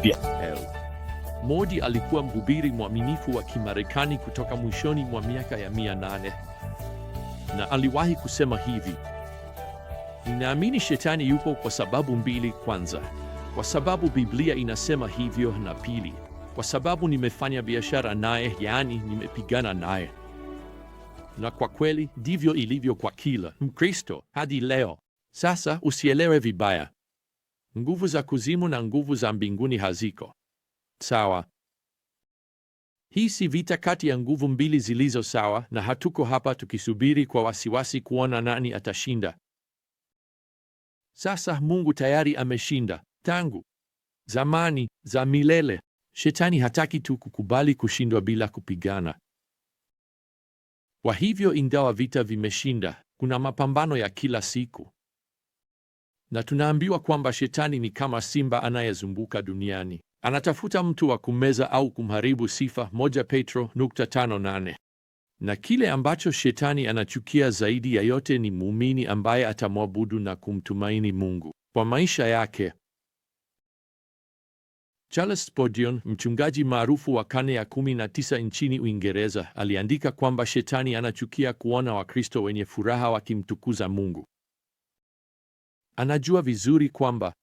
mpya. Modi alikuwa mhubiri mwaminifu wa Kimarekani kutoka mwishoni mwa miaka ya mia nane na aliwahi kusema hivi: ninaamini shetani yupo kwa sababu mbili. Kwanza, kwa sababu Biblia inasema hivyo, na pili, kwa sababu nimefanya biashara naye, yaani nimepigana naye. Na kwa kweli ndivyo ilivyo kwa kila Mkristo hadi leo. Sasa usielewe vibaya. Nguvu za kuzimu na nguvu za mbinguni haziko sawa. Hii si vita kati ya nguvu mbili zilizo sawa, na hatuko hapa tukisubiri kwa wasiwasi kuona nani atashinda. Sasa Mungu tayari ameshinda tangu zamani za milele. Shetani hataki tu kukubali kushindwa bila kupigana. Kwa hivyo, ingawa vita vimeshinda, kuna mapambano ya kila siku na tunaambiwa kwamba shetani ni kama simba anayezunguka duniani, anatafuta mtu wa kumeza au kumharibu. Sifa moja Petro nukta tano nane. Na kile ambacho shetani anachukia zaidi ya yote ni muumini ambaye atamwabudu na kumtumaini Mungu kwa maisha yake. Charles Spurgeon, mchungaji maarufu wa karne ya 19 nchini Uingereza, aliandika kwamba shetani anachukia kuona Wakristo wenye furaha wakimtukuza Mungu Anajua vizuri kwamba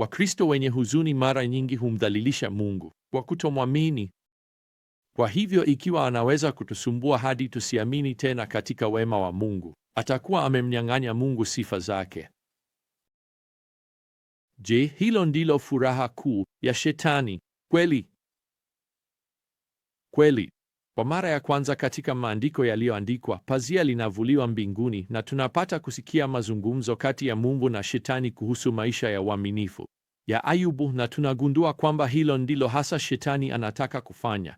Wakristo wenye huzuni mara nyingi humdhalilisha Mungu kwa kutomwamini. Kwa hivyo, ikiwa anaweza kutusumbua hadi tusiamini tena katika wema wa Mungu, atakuwa amemnyang'anya Mungu sifa zake. Je, hilo ndilo furaha kuu ya Shetani kweli? Kweli. Kwa mara ya kwanza katika maandiko yaliyoandikwa, pazia linavuliwa mbinguni na tunapata kusikia mazungumzo kati ya Mungu na Shetani kuhusu maisha ya uaminifu ya Ayubu, na tunagundua kwamba hilo ndilo hasa Shetani anataka kufanya,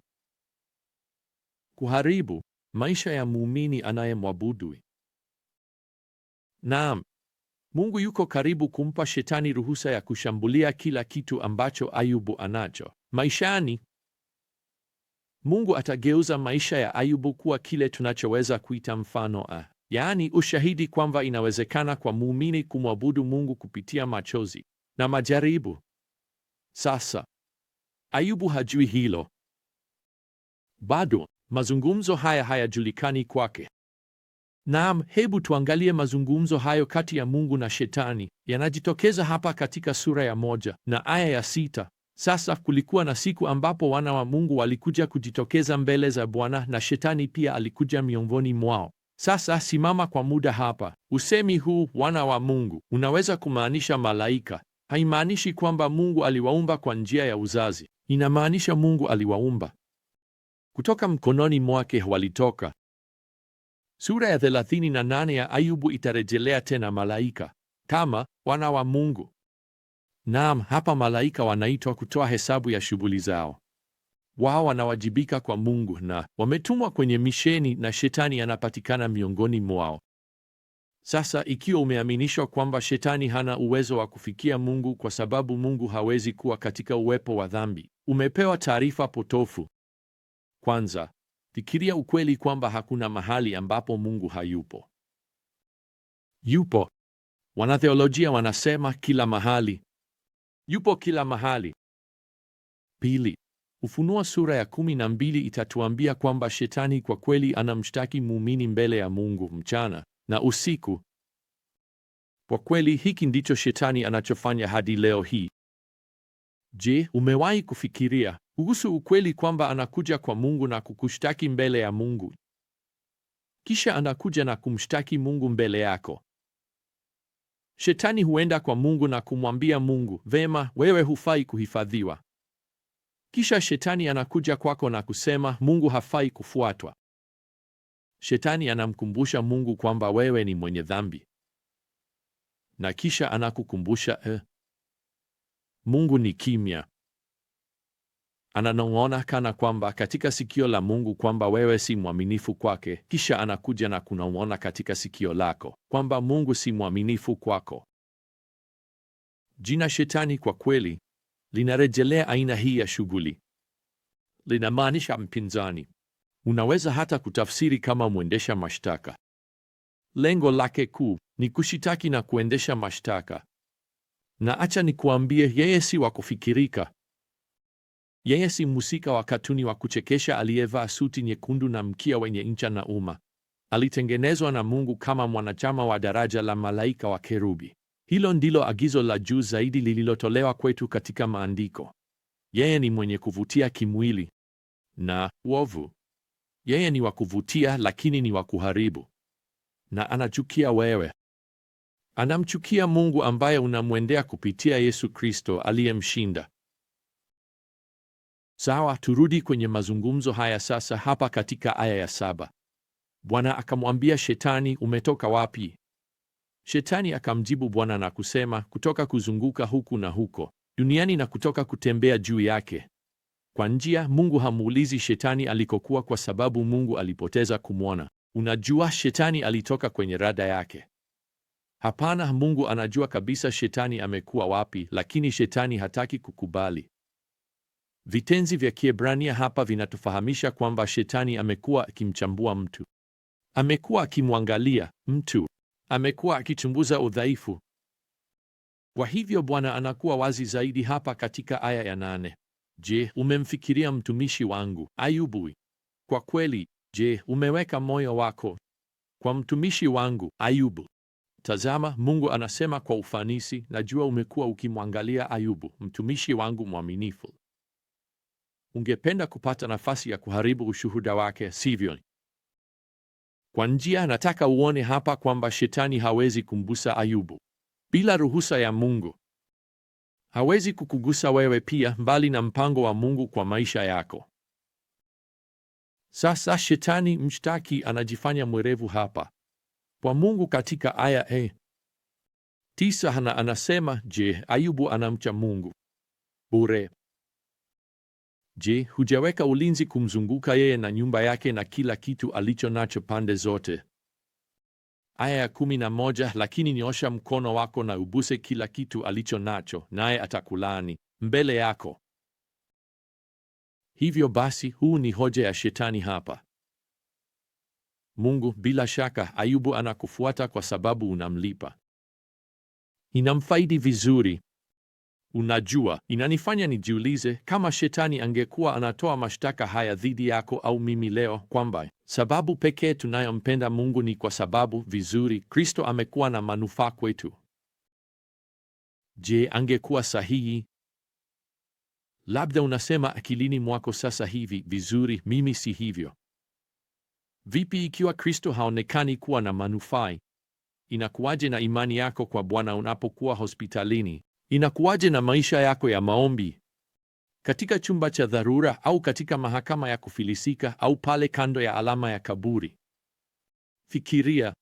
kuharibu maisha ya muumini anayemwabudu. Naam, Mungu yuko karibu kumpa Shetani ruhusa ya kushambulia kila kitu ambacho Ayubu anacho maishani. Mungu atageuza maisha ya Ayubu kuwa kile tunachoweza kuita mfano a, ah, yaani ushahidi kwamba inawezekana kwa muumini kumwabudu Mungu kupitia machozi na majaribu. Sasa Ayubu hajui hilo bado. Mazungumzo haya hayajulikani kwake. Naam, hebu tuangalie mazungumzo hayo kati ya Mungu na Shetani yanajitokeza hapa katika sura ya moja na aya ya sita. Sasa kulikuwa na siku ambapo wana wa Mungu walikuja kujitokeza mbele za Bwana na shetani pia alikuja miongoni mwao. Sasa simama kwa muda hapa. Usemi huu wana wa Mungu unaweza kumaanisha malaika. Haimaanishi kwamba Mungu aliwaumba kwa njia ya uzazi. Inamaanisha Mungu aliwaumba kutoka mkononi mwake walitoka. Sura ya 38 ya Ayubu itarejelea tena malaika kama wana wa Mungu. Naam, hapa malaika wanaitwa kutoa hesabu ya shughuli zao. Wao wanawajibika kwa Mungu na wametumwa kwenye misheni, na shetani anapatikana miongoni mwao. Sasa ikiwa umeaminishwa kwamba shetani hana uwezo wa kufikia Mungu kwa sababu Mungu hawezi kuwa katika uwepo wa dhambi, umepewa taarifa potofu. Kwanza, fikiria ukweli kwamba hakuna mahali ambapo Mungu hayupo. Yupo. Wanatheolojia wanasema kila mahali. Yupo kila mahali. Pili, Ufunuo sura ya kumi na mbili itatuambia kwamba shetani kwa kweli anamshtaki muumini mbele ya Mungu mchana na usiku. Kwa kweli hiki ndicho shetani anachofanya hadi leo hii. Je, umewahi kufikiria kuhusu ukweli kwamba anakuja kwa Mungu na kukushtaki mbele ya Mungu? Kisha anakuja na kumshtaki Mungu mbele yako. Shetani huenda kwa Mungu na kumwambia Mungu, vema, wewe hufai kuhifadhiwa. Kisha shetani anakuja kwako na kusema Mungu hafai kufuatwa. Shetani anamkumbusha Mungu kwamba wewe ni mwenye dhambi, na kisha anakukumbusha eh, Mungu ni kimya ananong'ona kana kwamba katika sikio la Mungu kwamba wewe si mwaminifu kwake, kisha anakuja na kunong'ona katika sikio lako kwamba Mungu si mwaminifu kwako. Jina Shetani kwa kweli linarejelea aina hii ya shughuli, linamaanisha mpinzani. Unaweza hata kutafsiri kama mwendesha mashtaka. Lengo lake kuu ni kushitaki na kuendesha mashtaka. Na acha nikuambie, yeye si wa kufikirika. Yeye si mhusika wa katuni wa kuchekesha aliyevaa suti nyekundu na mkia wenye ncha na uma. Alitengenezwa na Mungu kama mwanachama wa daraja la malaika wa kerubi. Hilo ndilo agizo la juu zaidi lililotolewa kwetu katika Maandiko. Yeye ni mwenye kuvutia kimwili na uovu. Yeye ni wa kuvutia lakini ni wa kuharibu, na anachukia wewe. Anamchukia Mungu ambaye unamwendea kupitia Yesu Kristo aliyemshinda. Sawa, turudi kwenye mazungumzo haya sasa, hapa katika aya ya saba. Bwana akamwambia Shetani, umetoka wapi? Shetani akamjibu Bwana na kusema, kutoka kuzunguka huku na huko duniani na kutoka kutembea juu yake. Kwa njia, Mungu hamuulizi Shetani alikokuwa, kwa sababu Mungu alipoteza kumwona. Unajua, Shetani alitoka kwenye rada yake. Hapana, Mungu anajua kabisa Shetani amekuwa wapi, lakini Shetani hataki kukubali. Vitenzi vya Kiebrania hapa vinatufahamisha kwamba shetani amekuwa akimchambua mtu, amekuwa akimwangalia mtu, amekuwa akichunguza udhaifu. Kwa hivyo Bwana anakuwa wazi zaidi hapa katika aya ya nane. Je, umemfikiria mtumishi wangu Ayubu? Kwa kweli, je, umeweka moyo wako kwa mtumishi wangu Ayubu? Tazama, Mungu anasema kwa ufanisi, najua umekuwa ukimwangalia Ayubu, mtumishi wangu mwaminifu ungependa kupata nafasi ya kuharibu ushuhuda wake, sivyo? Kwa njia, nataka uone hapa kwamba shetani hawezi kumgusa Ayubu bila ruhusa ya Mungu. Hawezi kukugusa wewe pia, mbali na mpango wa Mungu kwa maisha yako. Sasa shetani mshtaki anajifanya mwerevu hapa kwa Mungu katika aya e tisa, hana anasema, je, Ayubu anamcha Mungu bure? Je, hujaweka ulinzi kumzunguka yeye na nyumba yake na kila kitu alicho nacho pande zote? Aya ya kumi na moja, lakini niosha mkono wako na ubuse kila kitu alicho nacho, naye atakulani mbele yako. Hivyo basi, huu ni hoja ya shetani hapa. Mungu bila shaka, Ayubu anakufuata kwa sababu unamlipa. Inamfaidi vizuri. Unajua, inanifanya nijiulize kama shetani angekuwa anatoa mashtaka haya dhidi yako au mimi leo, kwamba sababu pekee tunayompenda Mungu ni kwa sababu vizuri, Kristo amekuwa na manufaa kwetu. Je, angekuwa sahihi? Labda unasema akilini mwako sasa hivi, vizuri, mimi si hivyo. Vipi ikiwa Kristo haonekani kuwa na manufaa? Inakuwaje na imani yako kwa Bwana unapokuwa hospitalini? Inakuwaje na maisha yako ya maombi? Katika chumba cha dharura au katika mahakama ya kufilisika au pale kando ya alama ya kaburi? Fikiria,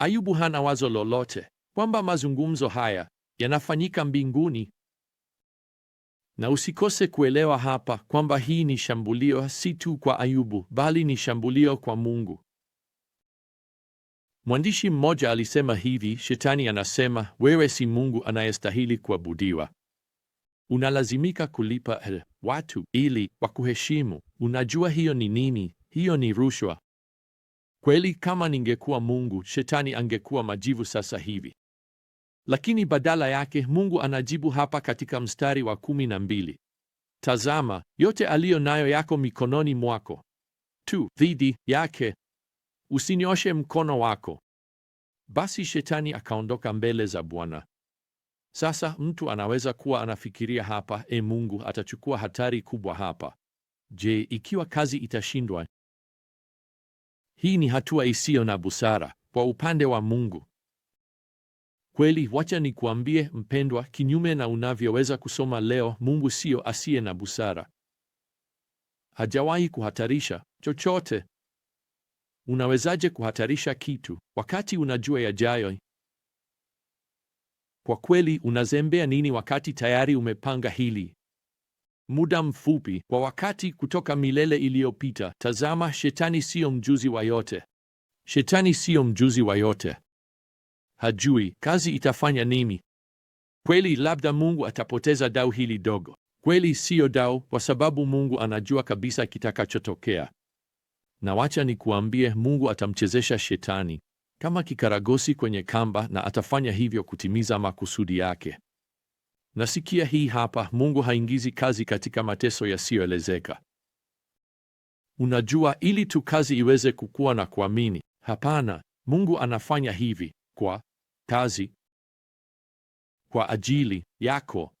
Ayubu hana wazo lolote kwamba mazungumzo haya yanafanyika mbinguni. Na usikose kuelewa hapa kwamba hii ni shambulio si tu kwa Ayubu, bali ni shambulio kwa Mungu. Mwandishi mmoja alisema hivi, shetani anasema, wewe si Mungu anayestahili kuabudiwa, unalazimika kulipa el, watu ili wakuheshimu. Unajua hiyo ni nini? Hiyo ni rushwa. Kweli, kama ningekuwa Mungu, shetani angekuwa majivu sasa hivi, lakini badala yake Mungu anajibu hapa katika mstari wa kumi na mbili: Tazama, yote aliyo nayo yako mikononi mwako tu dhidi yake usinyoshe mkono wako. Basi shetani akaondoka mbele za Bwana. Sasa mtu anaweza kuwa anafikiria hapa, e, Mungu atachukua hatari kubwa hapa. Je, ikiwa kazi itashindwa? Hii ni hatua isiyo na busara kwa upande wa Mungu. Kweli, wacha nikuambie mpendwa, kinyume na unavyoweza kusoma leo, Mungu siyo asiye na busara. Hajawahi kuhatarisha chochote. Unawezaje kuhatarisha kitu wakati unajua yajayo? Kwa kweli, unazembea nini wakati tayari umepanga hili? Muda mfupi kwa wakati kutoka milele iliyopita. Tazama, shetani siyo mjuzi wa yote. Shetani siyo mjuzi wa yote, hajui kazi itafanya nini. Kweli, labda Mungu atapoteza dau hili dogo. Kweli siyo dau, kwa sababu Mungu anajua kabisa kitakachotokea. Na wacha nikuambie, Mungu atamchezesha shetani kama kikaragosi kwenye kamba, na atafanya hivyo kutimiza makusudi yake. Nasikia hii hapa, Mungu haingizi kazi katika mateso yasiyoelezeka. Unajua, ili tu kazi iweze kukua na kuamini. Hapana, Mungu anafanya hivi kwa kazi, kwa ajili yako.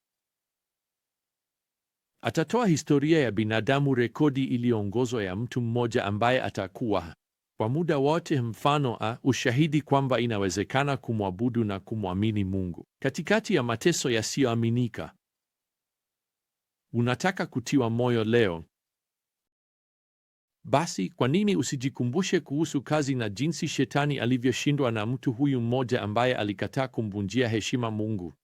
Atatoa historia ya binadamu, rekodi iliyoongozwa ya mtu mmoja ambaye atakuwa kwa muda wote mfano a ushahidi kwamba inawezekana kumwabudu na kumwamini Mungu katikati ya mateso yasiyoaminika. Unataka kutiwa moyo leo? Basi kwa nini usijikumbushe kuhusu kazi na jinsi shetani alivyoshindwa na mtu huyu mmoja ambaye alikataa kumvunjia heshima Mungu?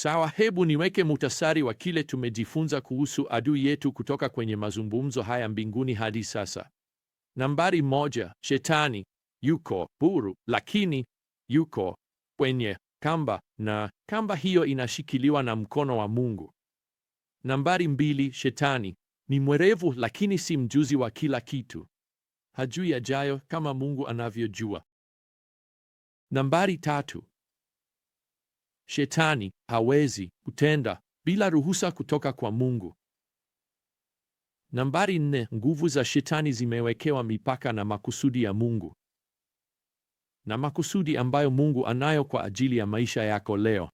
Sawa, hebu niweke muhtasari wa kile tumejifunza kuhusu adui yetu kutoka kwenye mazungumzo haya mbinguni hadi sasa. Nambari moja, shetani yuko huru, lakini yuko kwenye kamba na kamba hiyo inashikiliwa na mkono wa Mungu. Nambari mbili, shetani ni mwerevu lakini si mjuzi wa kila kitu. Hajui yajayo kama Mungu anavyojua. Nambari tatu, Shetani hawezi kutenda bila ruhusa kutoka kwa Mungu. Nambari nne, nguvu za shetani zimewekewa mipaka na makusudi ya Mungu na makusudi ambayo Mungu anayo kwa ajili ya maisha yako leo.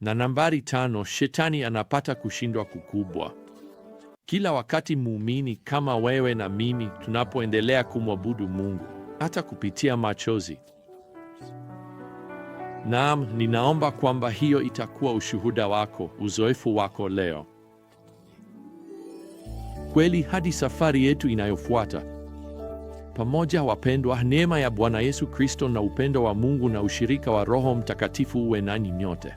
Na nambari tano, shetani anapata kushindwa kukubwa kila wakati muumini kama wewe na mimi tunapoendelea kumwabudu Mungu hata kupitia machozi. Naam, ninaomba kwamba hiyo itakuwa ushuhuda wako, uzoefu wako leo. Kweli hadi safari yetu inayofuata pamoja, wapendwa, neema ya Bwana Yesu Kristo na upendo wa Mungu na ushirika wa Roho Mtakatifu uwe nanyi nyote.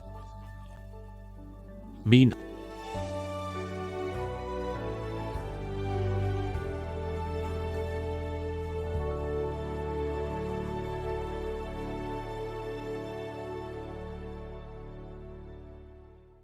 Mina.